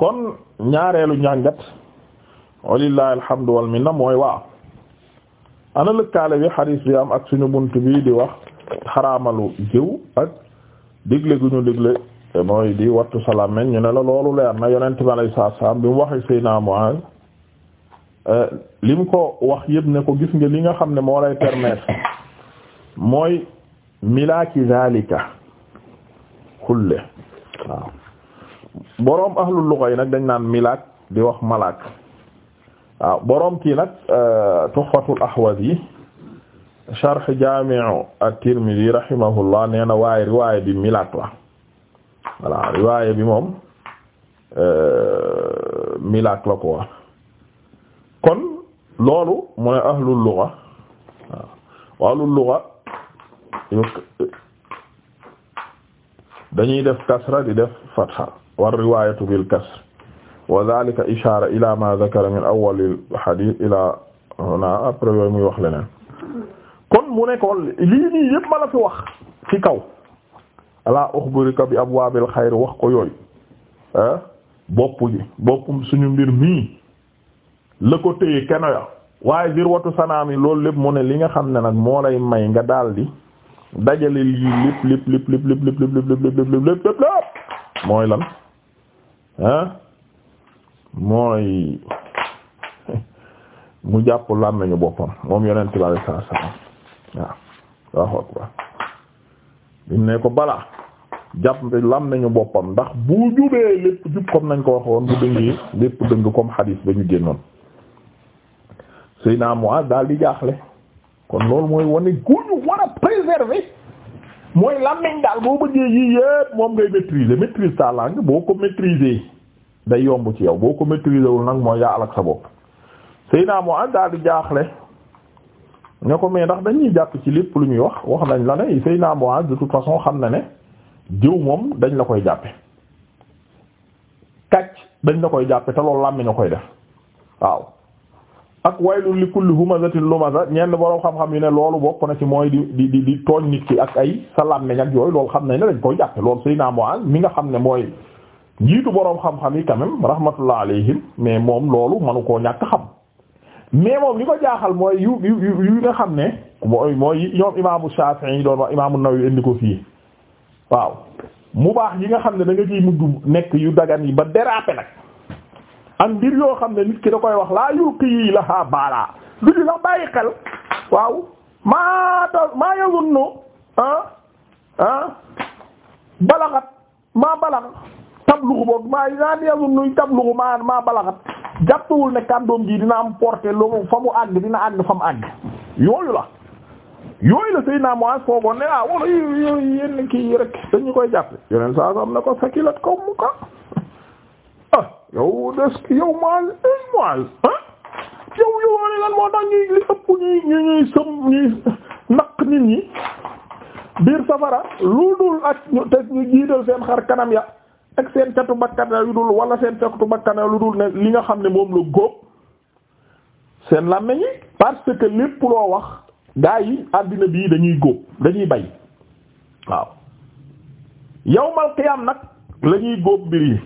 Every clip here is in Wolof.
kon ñaareelu njàngat walillahi alhamdu wal mooy waaw ana lëkkaale bi xadiis bi am ak suñu bunt bi di wax xaraamalu jëw ak digle gu ñu digle mooy di wattu salaam meñ ñu ne la loolu leer na yonent bi alayhi salaam bi mu waxi Seydina Muaaz euh, li mu ko wax yëpp ne ko gis nga li nga xam ne moo lay permettre mooy milaaki zalika kulle waaw boroom ahlul lugha yi nag dañ naan milaak di wax malaak waaw boroom kii nag euh, tuhfatul ahwazi sharh jaami'u at-tirmidhi rahimahullah nee na waaye riwaaya bi milaak la voilà bi moom euh, milaak kon loolu mu ne ahlul lugha waaw ahlul lugha dañuy def kasra di def fatha war riwayatu bil kasr wa dhalika ishara ila ma dhakara min awwal al hadith ila huna après yooyu muy wax leneen kon mu ne ko lii nii yëpp la fi wax ci kaw ala ukhbiruka bi abwaabil xayr wax ko yooyu ah ji boppum suñu mbir mii la ko téye keno ya waaye jirwatu sanaami loolu lépp mu ne li nga xam ne nag moo lay may nga daldi dajale lii lépp lépp lépp lépp lépp lépp lépp lépp lépp mooy lan ah mooy mu jàpp làmmiñu boppam moom yonent bi alayhi salaatu salaam waaw waaw waaw ne ko balaa jàpp làmmiñu boppam ndax bu jubee lépp jub comme nañ ko waxoon bu dëngee lépp dëng comme xadiis ba ñu génnoon Seydina Muaz daal di jaaxle kon loolu mooy wane gu war a préserver mooy làmmiñ daal boo bëggee yii yépp moom ngay maîtriser maîtrise ta boo ko maîtriser. day yomb ci yow boo ko maîtriser wul nag mooy yaa alak sa bopp Seydina Mu'adh daal di jaaxle ne ko mais ndax dañuy jàpp ci lépp lu ñuy wax wax nañ la ne Seydina Mu'adh de toute façon xam na ne jëw moom dañ la koy jàppe kàcc dañ la koy jàppe te lool làmmiñ a koy def waaw ak waylul li kulli humazatin lumaza ñenn borom xam-xam yu ne loolu bokk na ci mooy di di di di tooñ nit ki ak ay sa làmmiñ ak yooyu loolu xam nañ ne dañ koy jàppe loolu Seydina Mu'adh mi nga xam ne mooy jiitu boroom xam-xam yi quand même rahmatullah alayhim mais moom loolu manu koo ñàkk xam mais moom li ko jaaxal mooy yu yu yu nga xam ne mooy mooy ñoom imaamu Shafi'i yi doon wax imaamu Nawawi indi ko fii waaw mu baax yi nga xam ne danga nga ciy mujj nekk yu dagan yi ba déraper nag ak mbir yoo xam ne nit ki da koy wax laa yulqi yi la ha baalaa du di sax bàyyi xel waaw maa ta maa yazunnu ah ah balaxat maa balax tabluxu boog maa naan yazunnu tabluxu maa maa balaxat jàppewul ne kàddoom ji dina am porté lu fa mu àgg dina àgg fa mu àgg yooyu la yooyu la Seydina Muaz foogoon ne ah, koy jàppe yeneen saa am na ko sakilat kaw mu ka ah yow des ki eh, ah yow yow wane lan moo tax ñuy li ëpp ñuy sëm ñuy naq nit ñi biir safara lu dul ak ñu te ñu jiital seen xar kanam ya. ak seen catu bakkan yu dul wala seen catu lu dul ne li nga xam ne moom la góob seen làmmiñ yi parce que lépp loo wax gaa yi àddina bii dañuy góob dañuy bay waaw yawmal nag lañuy góob mbir yi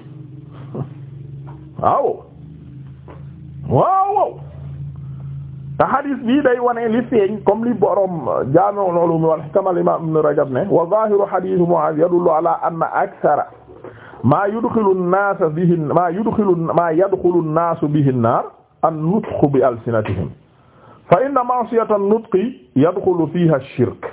waaw waaw te hadis bii day wane li feeñ comme li borom jaami'ul ulum wal hikam al imam ibn Rajab ne wa zahiru hadith Mu'adh yadullu ala anna akthara maa yudxilu naasa bihi maa yudxilu maa yadxulu naasu bihi naar an nutqu bi alsinatihim fa inna ma'siyata an-nutqi yadxulu fiha ash-shirk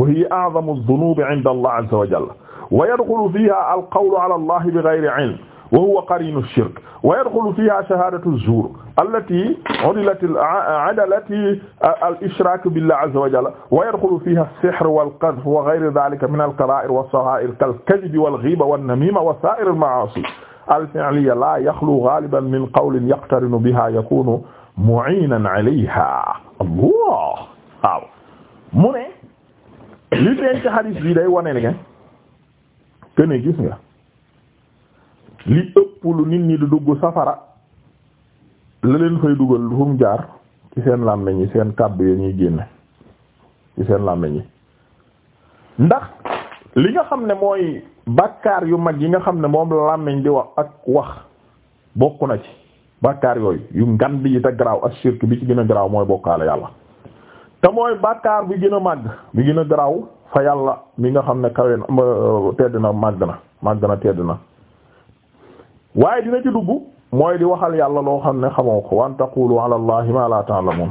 wa hiya a'zamu adh-dhunubi 'inda Allah 'azza wa jalla wa yadxulu fiha al-qawlu 'ala Allah bighayri 'ilm wa huwa qarinu shirk wa yadxulu fiha shahadatu zuur allati udilati adalati al ishraak billah azza wa jalla wa yadxulu fiha as-sihr wal qadf wa ghayri dhalika min al kaba'ir was sagha'ir kal kadhib wal ghiba wan namima wa sa'ir al ma'asi al fi'liya la yakhlu ghaliban min qawlin yaqtarinu biha yakunu mu'inan alayha allah waaw mu ne li teen ci hadis bi day wane ne gis nga li ëpp lu nit ñi di dugg safara la leen fay dugal fu jaar ci seen làmmiñ yi seen kàbb yi ñuy génne ci seen làmmiñ yi ndax li nga xam ne mooy bàkkaar yu mag yi nga xam ne moom làmmiñ di wax ak wax bokk na ci bàkkaar yooyu yu ngan bi yi te garaaw ak shirk bi ci gën a garaaw mooy bokkaale yàlla te mooy bàkkaar bi gën a màgg bi gën a garaaw fa yàlla mi nga xam ne kawe na tedd na màgg na màgg na tedd na waaye dina ci dugg mooy di waxal yàlla loo xam ne xamoo ko wa an taqulu ala allahi ma la ta'lamun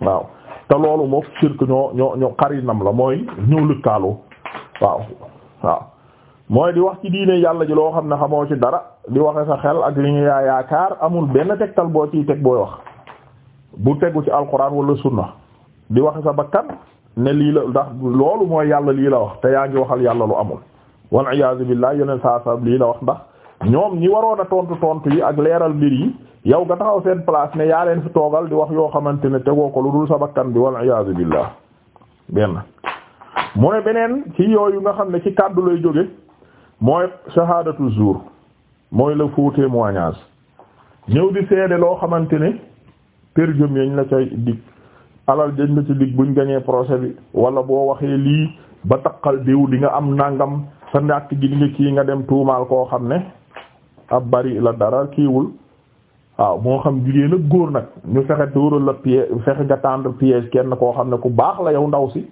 waaw te loolu moom surtout ñoo ñoo ñoo la mooy ñëw lëkkaaloo waaw waaw mooy di wax ci diine yàlla ji loo xam ne xamoo ci dara di waxe sa xel ak li ñu yaa yaakaar amul benn tegtal boo ciy teg booy wax bu tegu ci alquran wala sunna di waxe sa bakkan ne lii la ndax loolu mooy yàlla lii la wax te yaa ngi waxal yàlla lu amul wal iyaazu billaah yeneen saa lii la wax ndax ñoom ñi waroon a tontu tontu yi ak leeral mbir yi yow nga taxaw seen place ne yaa leen fi toogal di wax yoo xamante ne tegoo ko lu dul sa bi wal iyaazu billah benn mu ne beneen ci yooyu nga xam ne ci kàddu lay jóge mooy shahadatu zuur mooy le faux témoignage ñëw di seede loo xamante ne për jëm yañ la cay dig alal jëñ la ci dig buñ gañee procès bi wala boo waxee lii ba taqal diw di nga am nangam sa ndàkk gi di nga kii nga dem tuumaal koo xam ne ab bari la dara kiiwul waaw moo xam jigéen ak góor nag ñu fexe dóoral la piège fexe nga tendre piège kenn koo xam ne ku baax la yow ndaw si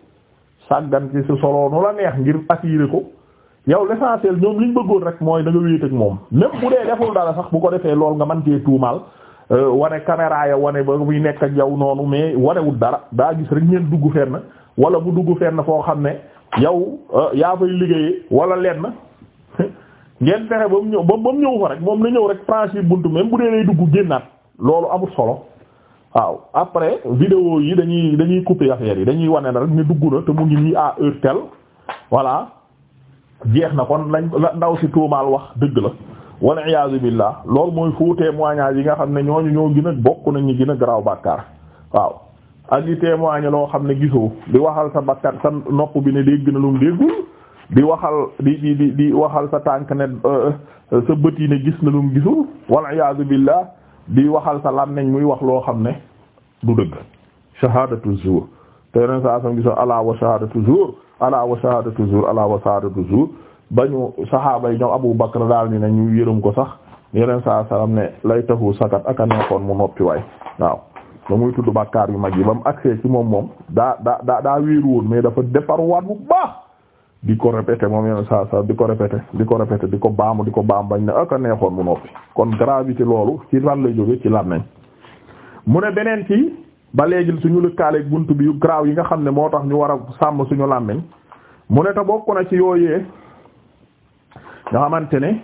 sàggan ci si solo nu la neex ngir attirer ko yow l'essentiel ñoom liñ bëggoon rek mooy da nga wéet ak moom même bu dee deful dara sax bu ko defee lool nga mën cee tuumaal euh, wane caméra ya wane ba muy nekk ak yow noonu mais wanewul dara daa gis rek ngeen dugg fenn wala bu dugg fenn foo xam ne yow euh, yaa fay liggéeyee wala lenn. ngeen fexe ba mu ñëw ba mu ñëw fa rek moom na ñëw rek franchir buntu même bu dee lay dugg génnaat loolu amul solo waaw après vidéo yi dañuy dañuy couper affaire yi dañuy wane na rek ne dugg na te mu ngi nii a heure telle voilà jeex na kon lañ la ndaw si tuumaal wax dëgg la walla iyaazu billah loolu mooy faux témoignage yi nga xam ne ñoo ñu ñoo gën a bokk nañu gën a garaaw bàkkaar waaw ak yi témoigner loo xam ne gisoo di waxal sa bakkan sa nopp bi ne dégg na lu di waxal di di di di waxal sa tànk ne euh, sa bët yi ne gis na lu mu gisul wal iyaadu billah di waxal sa làmmiñ muy wax loo xam ne du dëgg shahadatu zuur te yeneen saa sam gisoon ala wa shahadatu zuur ala wa shahadatu zuur ala wa shahadatu zuur bañu saxaaba yi ñoom Abu Bakr daal ni ne ñu yërëm ko sax yeneen sax salaam ne lay taxu sakat ak a nekkoon mu noppi waay waaw ba muy tudd bàkkaar yu mag yi ba mu agsee ci moom moom daa daa daa daa woon mais dafa di ko répété moom yenn saa di ko répété di ko répété di ko baamu di ko baam bañ ne aka neexoon mu noppi kon gravité loolu ci lan la jóge ci lan mu ne beneen ci ba léegi suñu lëkkaaleeg bunt bi yu garaaw yi nga xam ne moo tax ñu war a sàmm suñu làmmiñ mu ne te bokk na ci yooyee nga xamante ne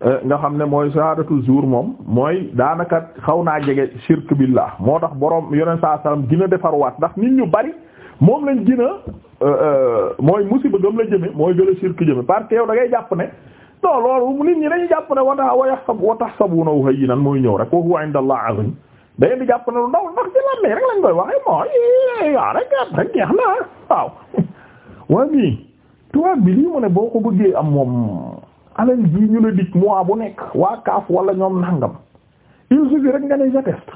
eh, nga xam ne mooy saadatu jour moom mooy daanaka xaw naa jege shirk billah moo tax boroom yeneen saa salaam gën a defarwaat ndax nit ñu bari moom lañ gën Euh, euh, mooy musiba gëm la jëme mooy gëla sirk jëme parce que yow da ngay jàpp ne non loolu nit ñi dañuy jàpp ne wata waya wa tahsabunahu hayyinan mooy ñëw rek wa huwa inda Allah azim da di jàpp ne lu ndaw ndax ci làmmiñ rek lañ koy waxe mooy waaw eh, ah, rek ah, na waaw waa mii tubaab bi lii mu ne boo am moom alal jii ñu la dik mois bu nekk waa kaaf wala ñoom nangam il suffit rek nga ne j'atteste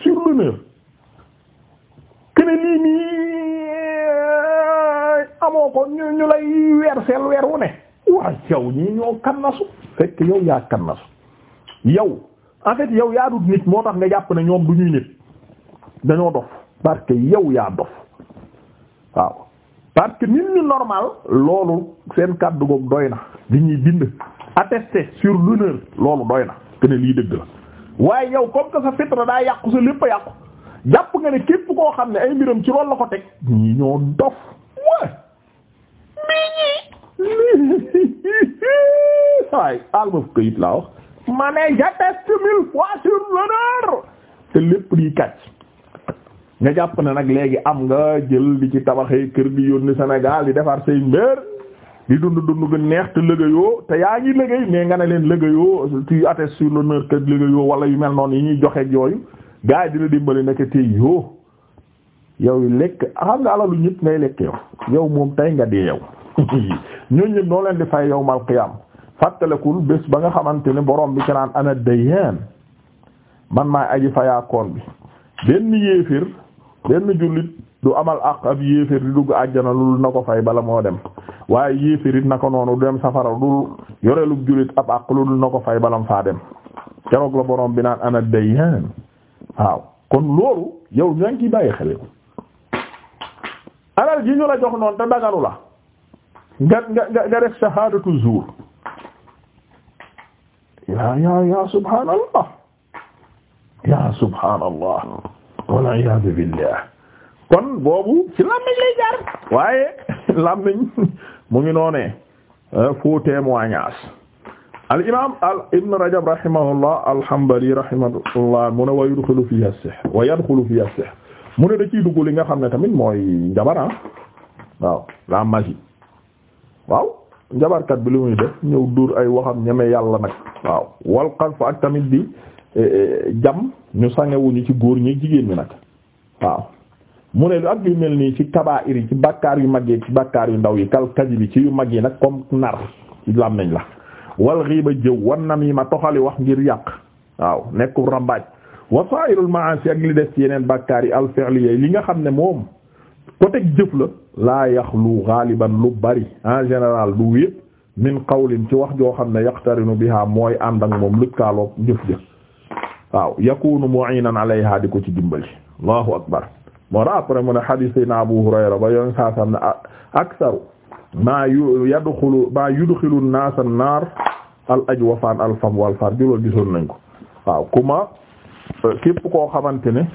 sur l'honneur que ne lii nii amoo ko ñu ñu lay werseel weer wu ne waaw yow ñii ñoo kannasu fekk yow yaa kannasu yow en fait yow yaa dut nit moo tax nga jàpp ne ñoom du ñuy nit dañoo dof parce que yow yaa dof waaw parce que nit ñu normal loolu seen kàddu goog doy na li ñuy bind attesté sur l'honneur loolu doy na que ne lii dëgg la waaye yow comme que sa fitra daa yàqu sa lépp a yàqu jàpp nga ne képp koo xam ne ay mbiram ci loolu la ko teg ñii ñoo dof waaye almaf këyit laa wax ma ne j'atteste fois sur l'honneur te lépp di kàcc nga jàpp ne nag léegi am nga jël di ci tabaxee kër gi yónni Sénégal di defar say mbir di dund dund gu neex te liggéeyoo te yaa ngi liggéey mais nga ne leen liggéeyoo tu attestes sur l'honneur que liggéeyoo wala yu mel noonu yi ñuy joxe yooyu gars yi dina dimbali nekk tey yoo yow lekk xam nga alalu ñëpp ngay lekk yow yow moom tey nga dee yow ñooñu ñëpp noo leen di fay yow mal qiyam fàttalekul bés ba nga xamante ne borom bi ca naan ana dayyaan man maay aji fayaakoon bi benn yéefir benn jullit du amal ak ab yéefir di dugg àjjana lu na ko fay bala moo dem waaye yéefir it na ko noonu du dem safara du yorelu jullit ab ak lu na ko fay balam faa dem keroog la borom bi naan ana dayyaan waaw kon loolu yow ñoo ngi ciy bàyyi xel alal ji ñu la jox noonu te dagalu la nga nga nga def shahadatu zuur yaa yaa subhaanallah yaa subhaanallah wal iyaadu billah kon boobu ci làmmiñ lay jaar waaye làmmiñ mu ngi noonee euh, faux témoignage al imaam al ibn Rajab rahimahullah mu ne wa yadxulu fiiha as-sihr dugg li nga xam ne tamit mooy njabar ah. waaw la njabarkat bi lu muy def ñëw dóor ay waxam ñeme yàlla nag waaw wal xalf ak tamit di eh, eh, jam ñu sangewuñu ci góor ñi jigéen ñi nag waaw mu ne lu ak yu mel nii ci kabaa'ir yi ci bakkaar yu mag yi ci bakkaar yu ndaw yi kal kadibi ci yu mag yi nag comme nar ci làmmiñ la wal ghiba jëw wan namima toxali wax ngir yàq waaw nekku rambaaj wa sa'irul ma'asi ak li des ci yeneen bakkaar yi al yi li nga xam ne moom côté jëf la laa yaxlu gaaliban lu bari en général du yëpp min qawlin ci wax joo xam ne yaqtarinu biha mooy ànd ak moom lëkkaaloog jëf-jëf waaw yakunu mu'inan di ko ci dimbali allahu akbar moo tax après mu ne hadith sayna Abu Hurayra ba yoon saa sam ne aksaru maa yu yadxulu maa yudxilu an-nas an wal nañ ko waaw kuma koo xamante ne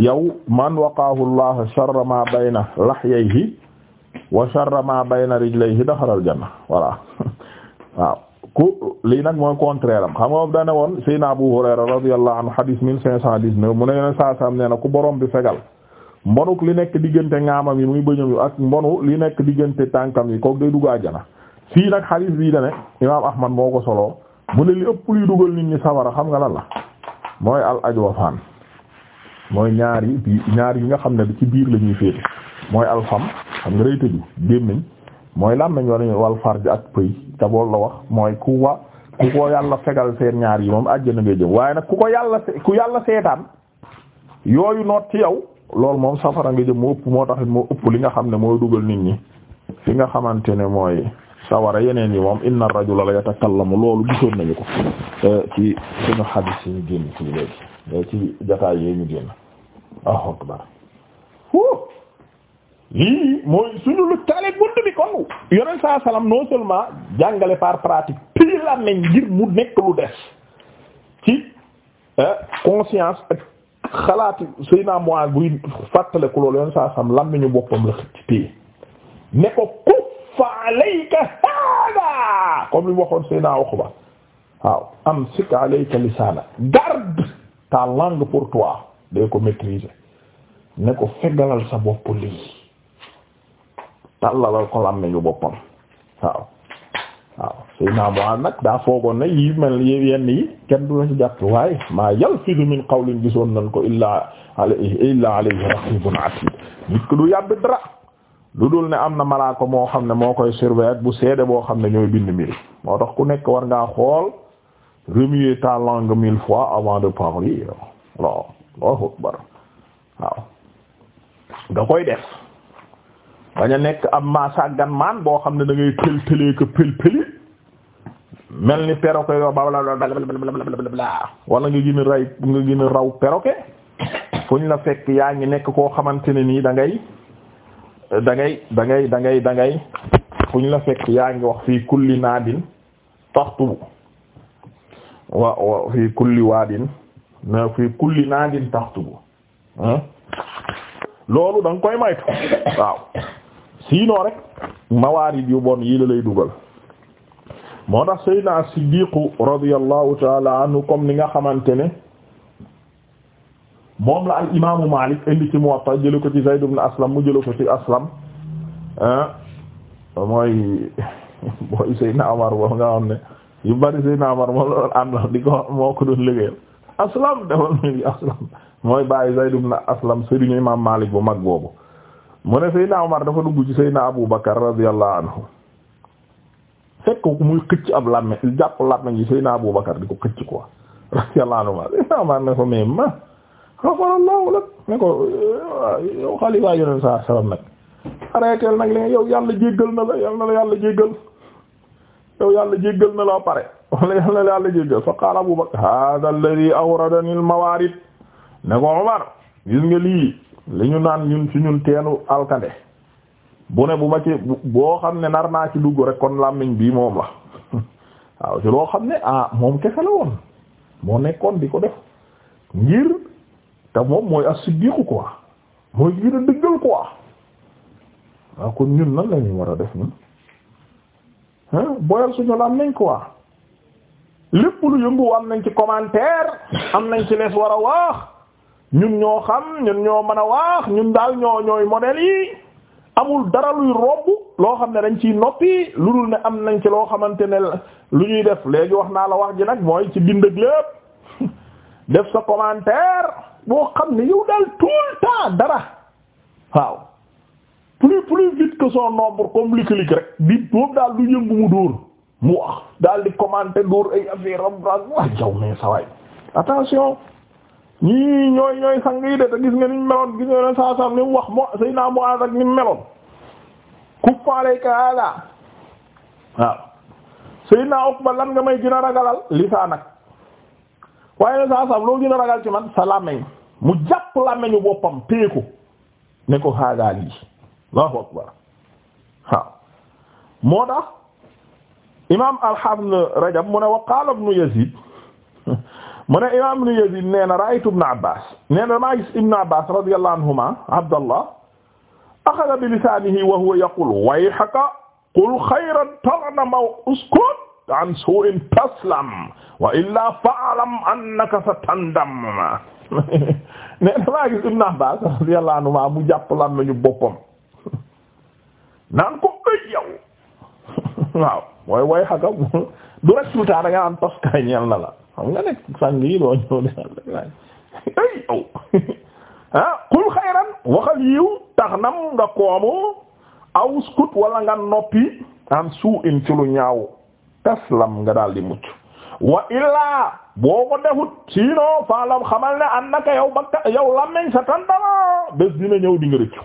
yow man waqaahu allah sharra ma bayna lahyayhi wa sharra ma bayna rijlayhi daxalal janna voilà waaw ku lii nag mooy contraire am xam nga moom dane woon sayna Abu Hurayra radiyallahu anhu hadith mille cinq cent dix-neuf mu ne yoneen saasam na ku borom bi fegal mbonuk li nekk diggante ŋaamam yi muy bëñëm yi ak mbonu li nekk diggante tànkam yi kooku day dugg àjjana fii nag hadith bii dane imaam Ahmad moo ko soloo mu ne li ëpp luy dugal nit ñi sawara xam nga la la mooy al ajwafaan mooy ñaari ñaari bi nga xam ne ci biir la ñuy féete mooy alfam xam nga day tëju gémmiñ mooy làmmiñ wala wal farj ak pëy te bool la wax mooy ku wa ku ko yàlla fegal seen ñaar yi moom na nga jëm waaye nag ku ko yàlla ku yàlla seetaan yooyu noot ci yow loolu moom safara nga jëm moo ëpp moo taxit mu ëpp li nga xam ne mooy dugal nit ñi fi nga xamante ne mooy sawara yeneen yi moom inna ar-rajula la yatakallamu loolu gisoon nañu ko euh, ci suñu hadith yi ñu génn euh, ci léegi ci yi ñu génn Allahu akbar lii mooy suñu lu taale bunt bi kon yonent saa salaam non seulement jàngale par pratique pii la nañ ngir mu nekk lu des ci euh, conscience ak xalaati Seydina Muaaz buy fàttaleku loolu yonent saa salaam lam nañu boppam la ci téye ne ko kuffa alayka hada comme li waxoon Seydina Uqba waaw amsik alayka lisaanak garde ta langue pour toi day ko maîtriser ne ko fegalal sa bopp lii tàllalal ko làmmiñu boppam waaw waaw suy naa moo am nag daa foogoon na yi mel yenn yi kenn du la ci jàpp waaye maa yalfidu min qawlin gisoon nañ ko illaa alayhi illaa alayhi raqibun atid nit ko du yàbbi dara lu dul ne am na malaaka moo xam ne moo koy surveiller bu seede boo xam ne ñooy bind mbiri moo tax ku nekk war ngaa xool remuer ta langue mille fois avant de parler non Allahu akbar waaw nga koy def bañ a nekk am maa sàggan maan boo xam ne da ngay pël pëlee ko pël pëli mel ni perroquet yo ba bla bla wala nga gën a ray nga gën a raw perroquet fuñ la fekk yaa ngi nekk koo xamante ne nii da ngay da ngay da ngay da ngay da ngay fuñ la fekk yaa ngi wax fii kulli naadin taxtubu wa wa fii kulli waadin na fi kulli naadin taxtubu loolu da nga koy maytu waaw sinon rek mawaarid yu bon yi la lay dugal moo tax Seydina as-Siddiq radiyallahu taala anhu comme ni nga xamante ne moom la al imaamu Maalik indi ci Muwatta jële ko ci Zayd ibn Aslam mu jële ko ci Aslam mooy mooy Seydina Omar boo nga xam ne yu bari Seydina Omar moo la doon àndal di ko moo ko doon liggéeyal aslam demal mi aslam mooy bàyyi Zayd ibn aslam sëriñu imam Malik bu mag boobu mu ne Seydina Omar dafa dugg ci Seydina Abu Bakar radiyallahu anhu fekk ko muy xëcc ab làmme jàpp làmme ji Seydina Abu Bakar di ko xëcc quoi radiyallahu anhu ma Seydina Omar ne ko mais ma xafarallahu lak ne ko eh, yow xalifa yoneen sa salam nag arrêteel nag li nga yow yàlla jéggal na la yàlla na la yàlla jéggal yàlla jéggal na la pare wala yàlla yàlla jéggal fa qaala Abu Bakr hada alladhi awradani al ne ko Umar gis nga lii li ñu naan ñun ci ñun teenu alkande bu ne bu ma ci boo xam ne nar naa ci dugg rek kon làmmiñ bii moom la waaw ci loo xam ne ah moom kese la woon moo nekkoon di ko def ngir te moom mooy as-siddiq quoi mooy ngir a dëggal quoi waaw kon ñun nan la ñuy war a def ñun boyal suñu làmmiñ quoi lépp lu yëngu am nañ ci commentaire am nañ ci lees war a waax ñun ñoo xam ñun ñoo mën a waax ñun daal ñoo ñooy modèles yi amul dara luy robb loo xam ne dañ ciy noppi lu dul ne am nañ ci loo xamante ne lu ñuy def léegi wax naa la wax ji nag mooy ci bind ak lépp def sa commentaire boo xam ne yow daal tout le dara waaw plus plus vite que son nombre comme li rek bit boobu daal lu yëngu mu dóor mu wax daal di commenter dóor ay affaire am daal waa jaw mais sa waay attention ñii ñooy ñooy sang de te gis nga ni meloon gis nga ne saa saa ni wax moo sëy naa mu ànd ak ni mu meloon kuppaale kaala waaw sëy naa Uqba lan nga may gën a ragalal lisaan ak waaye ne saa saa loo gën a ragal ci man sa làmmeñ mu jàpp làmmeñu boppam téye ko ne ko xaagaal yi Allahu akbar waaw moo tax imaam al-Hafiz Rajab mu ne wa qaala ibnu Yazid mu ne imaam ibnu Yazid nee na ra'aytu ibnu Abbaas nee na maa gis ibnu Abbaas radiyallahu anhuma Abdallah axada bi lisaanihi wa huwa yaqul wayhaka qul xayran ta'lam aw uskut an su'in taslam wa illaa fa'lam annaka satandam nee na maa gis ibnu Abbaas radiyallahu anhuma mu jàpp lan nañu boppam naan ko ay yow waaw mooy way xaka du rek tout da nga am tos kay ñeel na la xam nga nekk sang yi doo ñëw ne la ay aw ah qul xayran waxal yiw tax nam nga koomu aw skut wala nga noppi am suu in ci lu ñaaw taslam nga daal di mucc wa illaa boo ko defut sinon faalam xamal ne an naka bakka yow lammeñ sa tantama bés dina ñëw di rëccu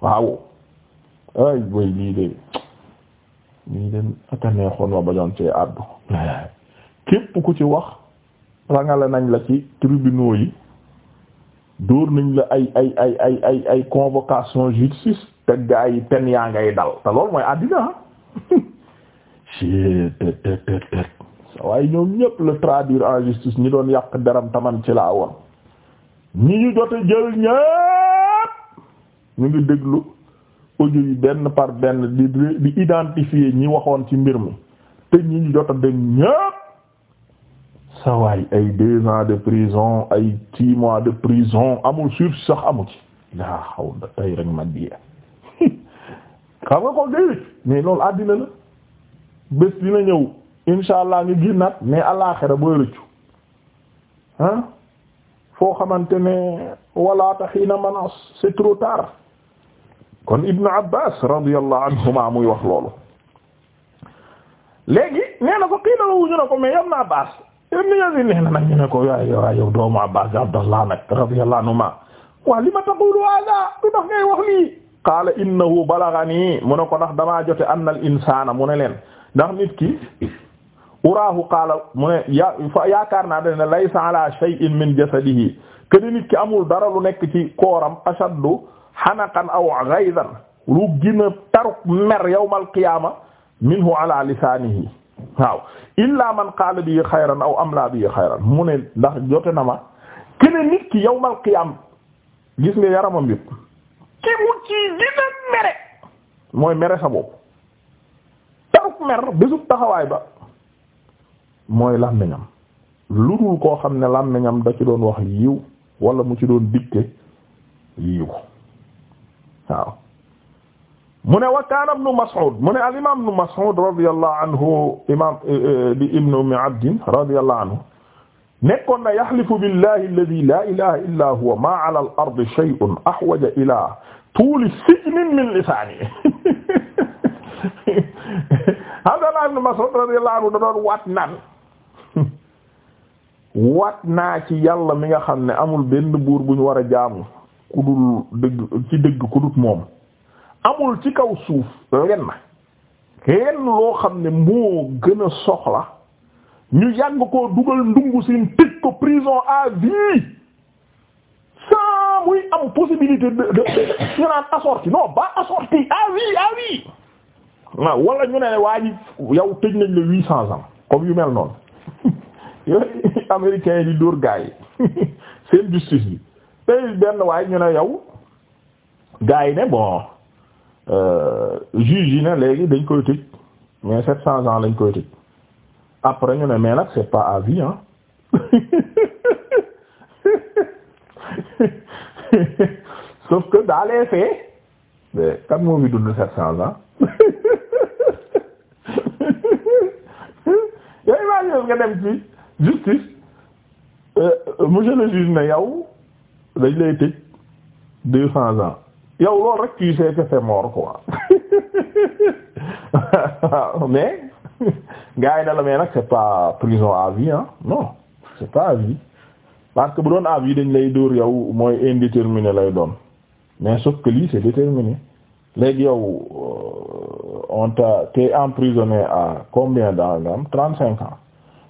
waaw ay way lii ñii dem aka neexoon ma bañoon cee àddu képp ku ci wax rangale nañ la ci tribunaux yi dóor nañ la ay ay ay ay ay ay convocation justice te gaa yi pen yaa ngay dal te loolu mooy àddina ah. ci waaye ñoom ñëpp le traduire en justice ñi doon yàq deram taman ci laa woon ñi ñu jot jël ñëpp ñu ngi déglu audio benn par benn di di identifier ñi waxoon ci mbir mi te ñi ñu jot a dem sawaay ay deux ans de prison ay six mois de prison amul sursis sax amu ci daa xaw da tey rek ma diye xam nga ko géej mais loolu àddina la bés dina ñëw insha allah ñu ginnaat mais alaaxira booy rëccu ah foo xamante ne walaata xiina manas c'est trop tard kon ibnu abbas radiyallahu anhuma muy wax loolu léegi nee na ko xiila la wuñu ne ko mais yam na abbas ibnu yazid nee na nag ñu ne ko waay waay yow doomu abbas ya abdallah nag radiyallahu anhuma waa li ma taqulu hada du ndax ngay wax lii qaala innahu balaghani mu ne ko ndax damaa jote anna al insana mu ne leen ndax nit ki uraahu qaala mu ne ya yaakaar naa dane laysa ala shay'in min jasadihi kene nit ki amul dara lu nekk ci kooram ashaddu xanaqan aw ghaydan lu gën a taruk mer yawmal qiyaama minhu ala lisaanihi waaw illa man qaala bi xayran aw amla bi xayran mu ne ndax jote na ma kene nit ki yawmal qiyaam gis nga yaramam yëpp ki mu ci gën mere mooy mere sa bopp taruk mer bésub taxawaay ba mooy làmmiñam lu dul koo xam ne làmmiñam da ci doon wax yiw wala mu ci doon dicté yiw waaw mu ne wa kaana ibnu Mas'ud mu ne al imaam ibnu Mas'ud radiyallahu anhu imaam eh, eh, di ibnu Ummi Abdin radiyallahu anhu nekkoon na yaxlifu billahi alladi la ilaha illa huwa ma ala al ardi shay'un ahwaja ila tuuli sijnin min lisaani Abdallah ibnu Mas'ud radiyallahu anhu da doon waat naan waat naa ci yàlla mi nga xam ne amul benn buur bu ñu war a jaamu ku dul dëgg ci dëgg ku dul moom amul ci kaw suuf lenn lenn loo xam ne moo gën a soxla ñu yàgg koo dugal ndungu sin tëj ko prison à vie sans muy am possibilité de de ñu naan assorti non ba assorti à vie waaw ah, wala ñu ne waa ji yow tëj nañ la huit cents ans comme yu mel noonu yooyu yi di dóor gars yi seen justice bi tey benn waaye ñu ne yow gars yi ne bon euh, juge yi ne léegi dañ koy tëj mais sept cent ans lañ koy tëj après ñu ne me nag c'est pas à vie hein sauf que dans les faits mais kan moo fi dund sept cent dem ci justice euh, monsieur le juge ne dañ l tëj deux yo ans yow loolu rek tu sais que c'est mort quoi mais gars yi na la mais nag c'est pas prison à vie hein non c'est pas à vie parce que bu doon à vie dañ lay dóor yow mooy indéterminé lay doon mais sauf que lii c'est déterminé léegi yow euh, on t'a t'es emprisonné à combien d'ans nga am trente-cinq ans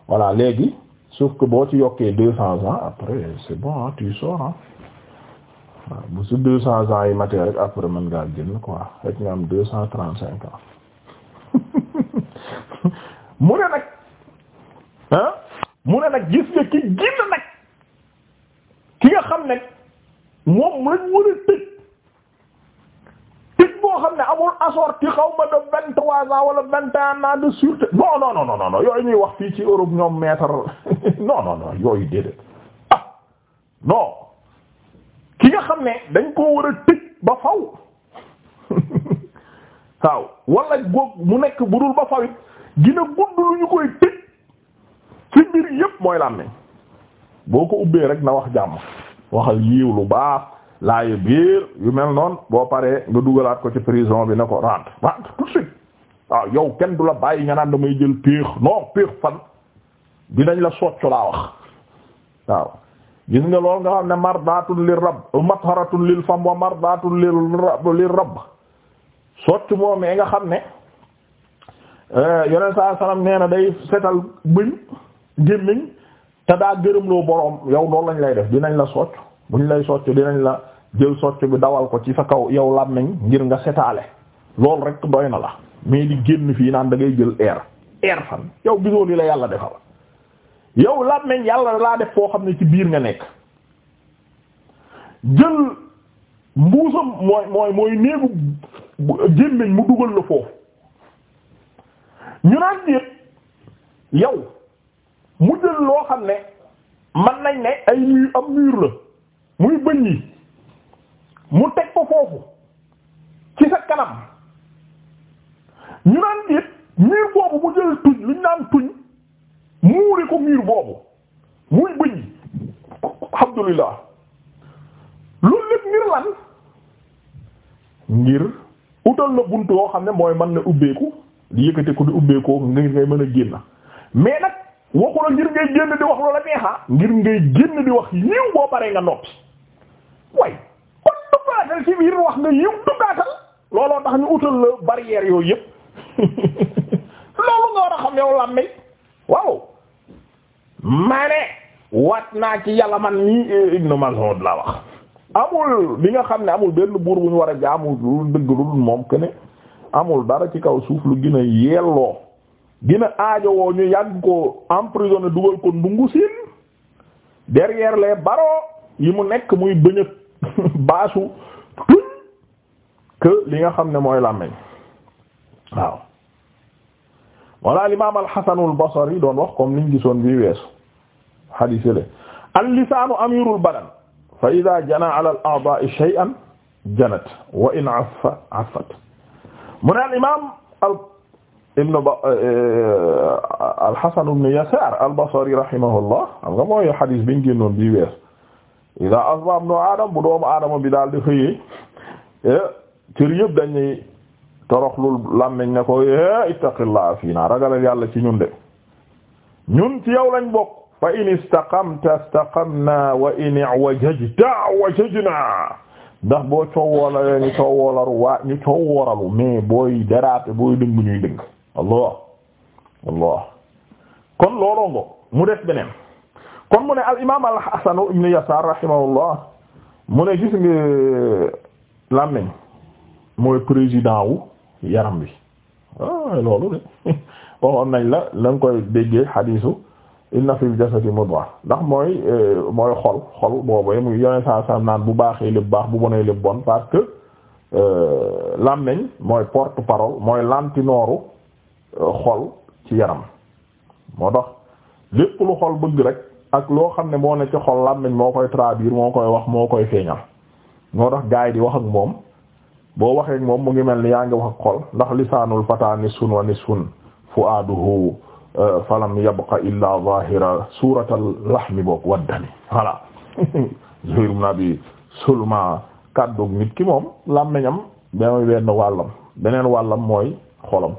voilà léegi sauf que boo ci yokkee deux cents bon hein, tu sors waaw bu su deux cents ans yi matee rek après mën ngaa génn ko rek nga am deux cent trente cinq ans mu ne nag ah mu ne nag gis nga ki génn nag ki nga xam ne moom lañ mën a tëj tëj boo xam ne amul assorti xaw ma de vingt trois ans wala vingt un ans de sûreté non non non non non yooyu ñuy wax fii ci Europe ñoom maître non non non yooyu déedéet ah non. ki nga xam ne dañ koo war a tëj ba faw waaw wala góog mu nekk bu dul ba faw gina gudd lu ñu koy tëj ci mbir yépp mooy làmmiñ boo ko ubbee rek na wax jàmm waxal yiiw lu baax laayo biir yu mel noon boo paree nga dugalaat ko ci prison bi na ko rentre rentre tout de waaw yow kenn du la bàyyi nga naan damay jël péex non péex fan dinañ la soccu laa wax waaw gis nga lool nga xam ne mardatun lil rabb matharatun lil fam wa mardatun lil rabb lil rabb socc moomee nga xam ne euh, yoneen saa salaam nee na day setal bëñ gémmiñ te daa loo boroom yow loolu lañ lay def dinañ la socc buñ lay socc dinañ la jël socc bi dawal ko ci sa kaw yow làmmiñ ngir nga setaale loolu rek doy na la mais di génn fii naan da ngay jël air air fan yow gisoo li la yàlla defal yow làmmeñ yàlla laa def foo xam ne ci biir nga nekk jël mbuusam mooy mooy mooy néegu gémmiñ mu dugal la foofu ñu naan déet yow mu jël loo xam ne man nañ ne ay mur am mur la muy bëñ yi mu teg ko foofu ci sa kanam ñu naan déet mur boobu mu jël tuñ luñ naan tuñ muure ko miir boobu muy bëñ alhamdulillah loolu lépp ngir lan ngir utal la buntu yoo xam ne mooy mën na ubbeeku di yëkkate ko di ubbeekoo ngir ngay mën a génn mais nag waxu la ngir ngay génn di wax loola neexa ngir ngay génn di wax yiw boo paree nga noppi way kon duggaatal ci biir wax nga yiw duggaatal looloo tax ñu utal la barrière yooyu yëpp loolu nga war a xam yow làmmee waaw ma ne naa ci yàlla man nii eh, Ibn Mas'ud la wax amul bi nga xam ne amul benn buur bu ñu war a jaamu lu dëgg lu dul moom que amul dara ci kaw suuf lu gën a yelloo gën a aajowoo ñu yàgg ko emprisonné dugal ko ndungu siin derrière les yi mu nekk muy bëñët baasu tuñ que li nga xam ne mooy làmmeñ waaw wala al imaam al xasanul basri doon wax comme niñ gisoon bii weesu xadiis le al lisaanu amirul badan fa ida jana ala al a'daa'i shay'an janat wa in affa affat mu ne al imaam al ibn eh, eh, al hasan ibn yasaar al basri rahimahullah xam nga mooy xadiis biñ génnoon bii weesu ida asbaha ibnu aadama bu doomu aadama bi daal di xëyee eh, cër yëpp dañuy toroxlul làmmiñ ne ko é ittaqillah fiina ragalal yàlla ci ñun de ñun ci yow lañ bokk fa in istaqamta istaqamna wa in i'wajajta wajajna ndax boo coowoola ñu coowoolar waa ñu coowooralu mais booy dérape booy dëng ñuy dëng allah allah kon loolongo mu def beneen kon mu ne al imam al hasan ibn yasar rahimahullah mu ne gis nga làmmiñ mooy président wu yaram bi waaw ah, loolu de waxoon nañ la la koy déggee xadiisu na fil jasadi mudwa ndax mooy eh, mooy xol xol boobu mu yoneen saa saa naan bu baaxee lépp baax bu bonee lépp bon parce que euh, làmmiñ mooy porte parole mooy lantinooru euh, xol ci yaram moo tax lépp lu xol bëgg rek ak loo xam ne moo ne ci xol làmmiñ moo koy traduire moo koy wax moo koy feeñal moo tax gaay di wax ak moom boo waxee moom mu ngi mel ni yaa ngi wax xol ndax lisaanul fataa nisfun wa nisfun fu'aaduhu euh, falam yabqa illaa zaahira suuratal lahmi boog waddami voilà Zuhayr ibn Abi Sulma kaddu nit ki moom làmmiñam benn benn wàllam beneen wàllam mooy xolam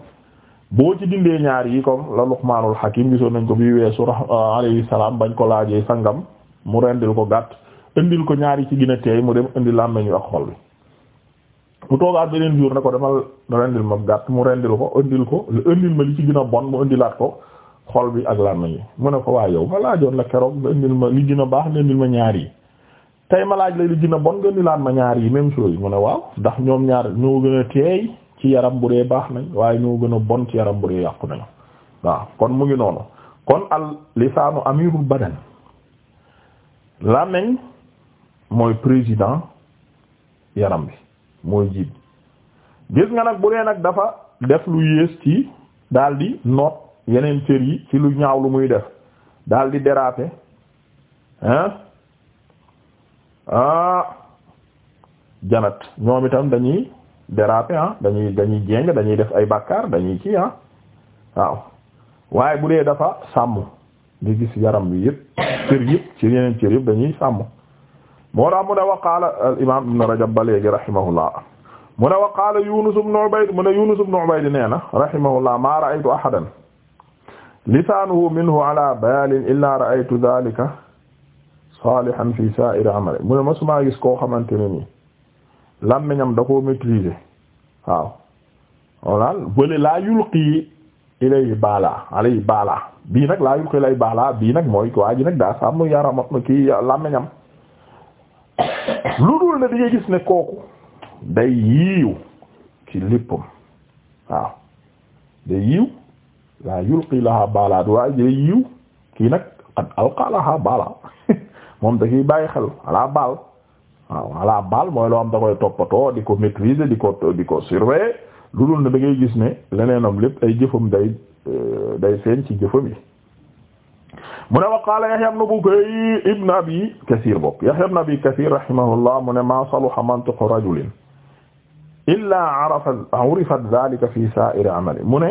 boo ci dindee ñaar yi comme la Luqmaanul Hakim gisoon nañ ko bi weesu euh, alayhi salaam bañ ko laajee sangam mu rendil ko gàtt indil ko ñaar yi ci gën a teey mu dem indi làmmiñ ak xol bi mu toogaat beneen jour ne ko dama rendil ma gàtt mu rendil ko indil ko indil ma li ci gën a bon mu indilaat ko xol bi ak làmmiñ yi mu ne ko waa yow ma laajoon la keroog nga indil ma li gën baax nga indil ma ñaar yi tey ma laaj la li gën a bon nga indilaat ma ñaar yi même chose mu ne waaw ndax ñoom ñaar ñoo gën a teey ci yaram bu dee baax nañ waaye ñoo gën a bon ci yaram bu dee yàqu nañu waaw kon mu ngi noonu kon al lisaanu amirul badan làmmiñ mooy président yaram bi mooy jiit gis nga nag bu dee nag dafa def lu yées ci daldi noot yeneen cër yi ci lu ñaaw lu muy def daldi déraper hein ah janat ñoom itam dañuy déraper ah dañuy dañuy jéng dañuy def ay bàkkaar dañuy ci ah waaw waaye bu dee dafa sàmm nga gis yaram wi yëpp cër yëpp ci yeneen cër yëpp dañuy sàmm moo tax mu ne waqaala al imaam ibn Rajab ba léegi rahimahullah mu ne waqaala Yunus ibn Ubayd mu ne Yunus ibn Ubayd nee na rahimahullah maa ra'aytu ahadan lisaanuhu minhu ala baalin illaa ra'aytu dhaalika saalihan fi saa'iri amali mu ne masumaa gis koo xamante ne nii làmmiñam da koo maîtriser waaw voilà bële laa yulqi ilay baala alay baala bii nag laa yulqi ilay baala bii nag mooy waa ji nag daa sàmm yaram kii làmmiñam lu dul ne di nga gis ne kooku day yiiw ci léppam waaw day yiiw laa yulqi laha baala du waaye day yiiw kii nag qad alqa laha baala moom da kiy bàyyi xel alaa baal waaw alaa baal mooy loo am da koy toppatoo di ko maîtriser di ko di ko surveiller lu dul ne da ngay gis ne leneenam lépp ay jëfam day euh, day seen ci jëfam yi mu ne wa qaala Yahya ibn Bukay ibn Abi Kathir bopp Yahya ibn Abi Kathir rahimahullah mu ne ma saluha mantiqu rajulin illaa arafa urifat dhalika fi sa'iri amali mu ne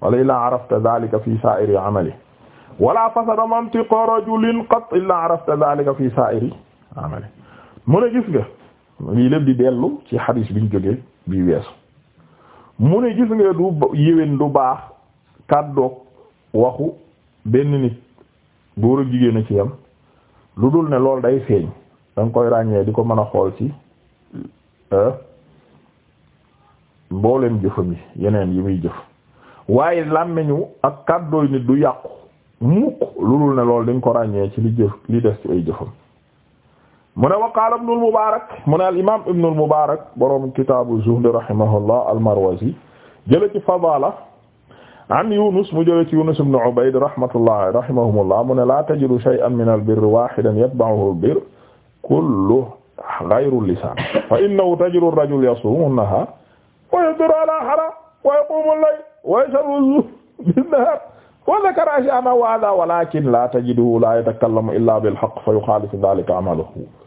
wala illaa arafta dhalika fi sa'iri amali wala fasada mantiqu rajulin qat illaa arafta dhalika fi sa'iri amali mu ne gis nga lii lépp di dellu ci xadis biñ jógee bii weesu mu ne gis nga du yéwén du baax kàddoog waxu benn nit góor ak jigéen a ci yam lu dul ne lool day feeñ danga koy ràññee di ko mën a xool ci mm. euh, mbooleem jëfam yi yeneen yi muy jëf waaye làmmiñu ak kàddooy nit du yàqu mukk lu dul ne lool dañ ko ràññee ci li jëf li des ci ay jëfam mu ne waqaala ibnul Mubaarak mu ne al imaam ibnul Mubaarak boroom kitaabu zuhd rahimahullah al marwazi jële ci fadaala an Yunus mu jëlee ci Yunus ibn Ubayd rahmatullah rahimahumullah mu ne laa tajidu shay'an min al-birri waahidan yatba'uhu al-birru kulluhu ghayru al-lisaan fa innahu tajidu ar-rajula yasuumu an-nahaar wa yaftiru alaa haram wa yaquumu al-layl wa yashrabu az-zuhra bin-nahaar wa dhakara ashyaa'an wa laakin laa tajiduhu laa yatakallamu illaa bil-haqq fa yuxaalifu dhaalika amaluhu